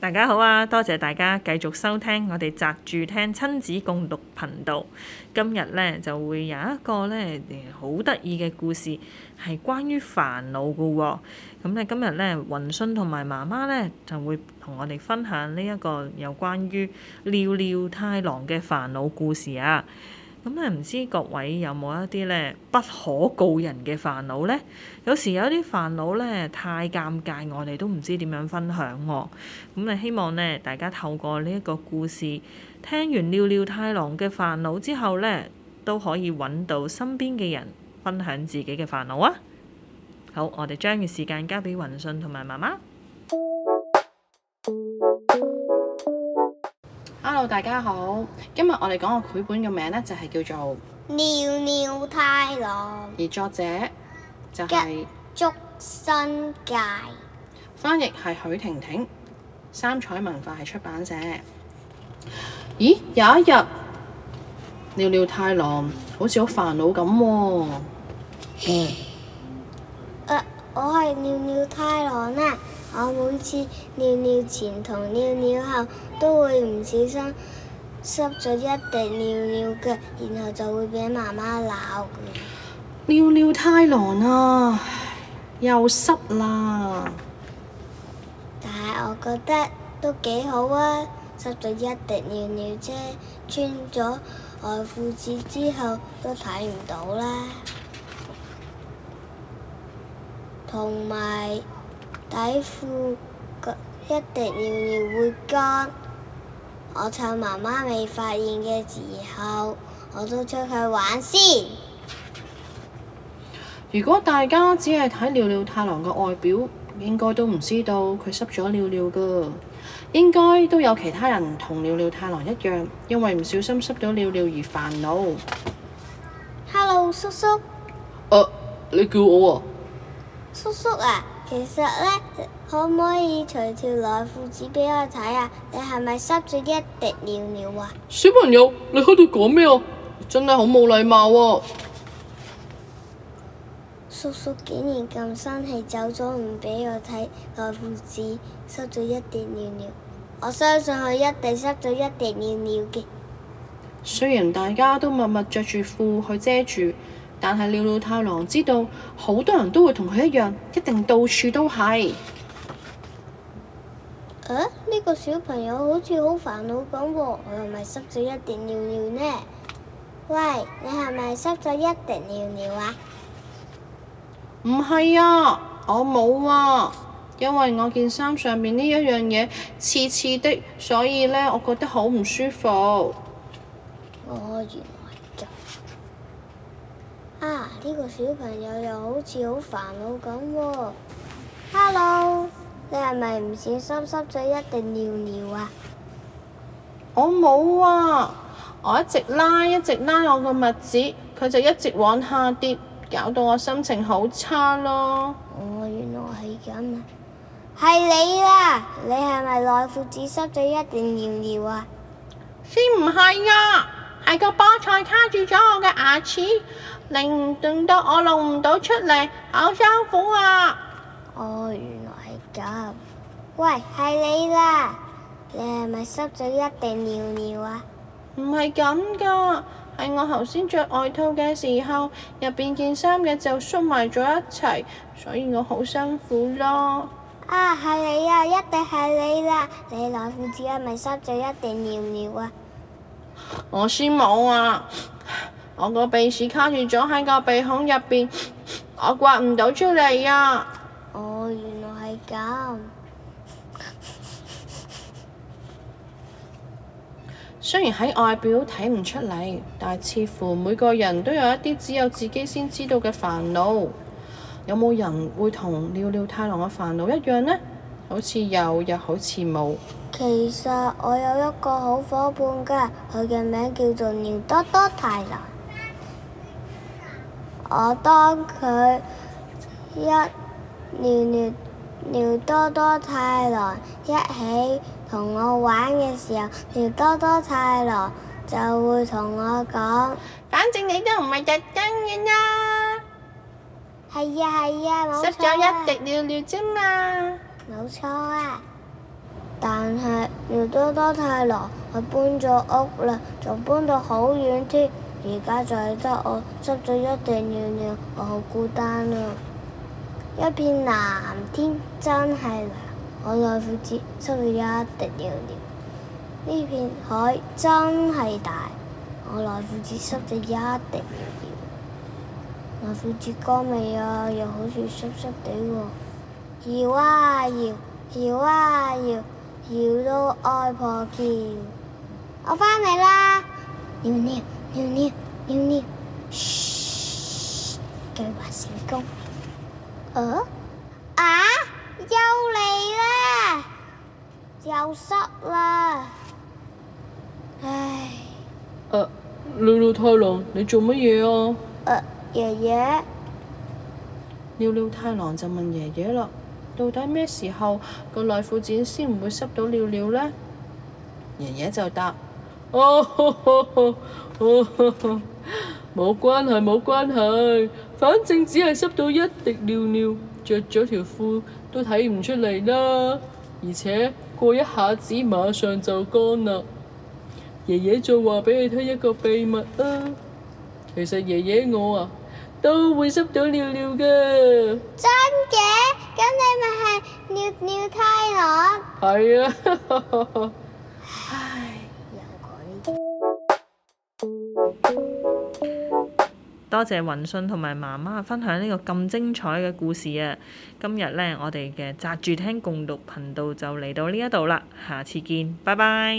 大家好啊！多謝大家繼續收聽我哋宅住聽親子共讀頻道。今日呢就會有一個呢好得意嘅故事，係關於煩惱嘅哦。咁呢今日呢，弘信同埋媽媽呢，就會同我哋分享呢一個有關於尿尿太郎嘅煩惱故事啊！咁咧，唔知各位有冇一啲咧，不可告人嘅煩惱呢？有時有啲煩惱呢，太尷尬，我哋都唔知點樣分享喎、哦。咁、嗯、啊，希望呢，大家透過呢一個故事，聽完尿尿太郎嘅煩惱之後呢，都可以揾到身邊嘅人分享自己嘅煩惱啊！好，我哋將嘅時間交俾弘信同埋媽媽。Hello，大家好。今日我哋講個繪本嘅名咧，就係叫做《尿尿太郎》，而作者就係吉竹伸介。翻譯係許婷婷，三采文化係出版社。咦，有一日尿尿太郎好似好煩惱咁喎。嗯。誒，我係尿尿太郎啊。我每次尿尿前同尿尿後都會唔小心濕咗一滴尿尿腳，然後就會俾媽媽鬧嘅。尿尿太郎啦，又濕啦。但係我覺得都幾好啊，濕咗一滴尿尿啫，穿咗外褲子之後都睇唔到啦。同埋。底褲一定尿尿會乾，我趁媽媽未發現嘅時候，我都出去玩先。如果大家只係睇尿尿太郎嘅外表，應該都唔知道佢濕咗尿尿㗎。應該都有其他人同尿尿太郎一樣，因為唔小心濕咗尿尿而煩惱。Hello，叔叔。Uh，你叫我啊，叔叔啊！其實呢，可唔可以除條內褲子俾我睇啊？你係咪濕咗一滴尿尿啊？小朋友，你喺度講咩啊？真係好冇禮貌喎！叔叔竟然咁生氣走咗，唔俾我睇內褲子，濕咗一滴尿尿。我相信佢一定濕咗一滴尿尿嘅。雖然大家都默默着住褲去遮住。但係，尿尿太郎知道好多人都會同佢一樣，一定到處都係。呢、啊呢個小朋友好似好煩惱咁喎，佢係咪濕咗一滴尿尿呢？喂，你係咪濕咗一滴尿尿啊？唔係啊，我冇啊，因為我件衫上面呢一樣嘢刺刺的，所以呢，我覺得好唔舒服。我可以。啊！呢、這個小朋友又好似好煩惱咁喎。Hello，你係咪唔小心濕咗一定尿尿啊？我冇啊，我一直拉一直拉我個襪子，佢就一直往下跌，搞到我心情好差咯。我、哦、原來係咁啊！係你啦，你係咪內褲子濕咗一定尿尿啊？先唔係啊！係個菠菜卡住咗我嘅牙齒，令到我弄唔到出嚟，好辛苦啊！哦，原來係咁。喂，係你啦！你係咪濕咗一定尿尿啊？唔係咁噶，係我頭先着外套嘅時候，入邊件衫嘅就縮埋咗一齊，所以我好辛苦咯。啊，係你啊，一定係你啦！你內褲係咪濕咗一定尿尿啊？我先冇啊！我個鼻屎卡住咗喺個鼻孔入邊，我刮唔到出嚟啊！哦，原來係咁。 雖然喺外表睇唔出嚟，但係似乎每個人都有一啲只有自己先知道嘅煩惱。有冇人會同尿尿太郎嘅煩惱一樣呢？好似有，又好似冇。其實我有一個好伙伴㗎，佢嘅名叫做尿多多太郎。我當佢一尿尿，尿多多太郎一起同我玩嘅時候，尿多多太郎就會同我講：反正你都唔係日經嘅呀。係呀係呀，啊啊、濕咗一滴尿尿啫嘛！冇錯啊，但係尿多多太郎，我搬咗屋啦，仲搬到好遠添。而家就係得我濕咗一滴尿尿，我好孤單啊！一片藍天真係藍，我內褲仔濕咗一滴尿尿。呢片海真係大，我內褲仔濕咗一滴尿尿。內褲仔乾未啊？又好似濕濕地喎。搖啊搖，搖啊搖，搖到外婆叫。我返嚟啦！尿尿尿尿尿尿，噓！計劃成功。呃？啊？又嚟啦？又濕啦？唉。呃，尿尿太郎，你做乜嘢啊？呃，爺爺。尿尿太郎就問爺爺啦。到底咩時候個內褲剪先唔會濕到尿尿呢？爺爺就答：哦，冇關係，哦，冇關係，反正只係濕到一滴尿尿，着咗條褲都睇唔出嚟啦。而且過一下子馬上就乾啦。爺爺再話俾你聽一個秘密啊！其實爺爺我啊。都會濕到尿尿嘅。真嘅，咁你咪係尿尿太郎。係啊。唉，又講呢啲。多謝弘信同埋媽媽分享呢個咁精彩嘅故事啊！今日呢，我哋嘅宅住聽共讀頻道就嚟到呢一度啦，下次見，拜拜。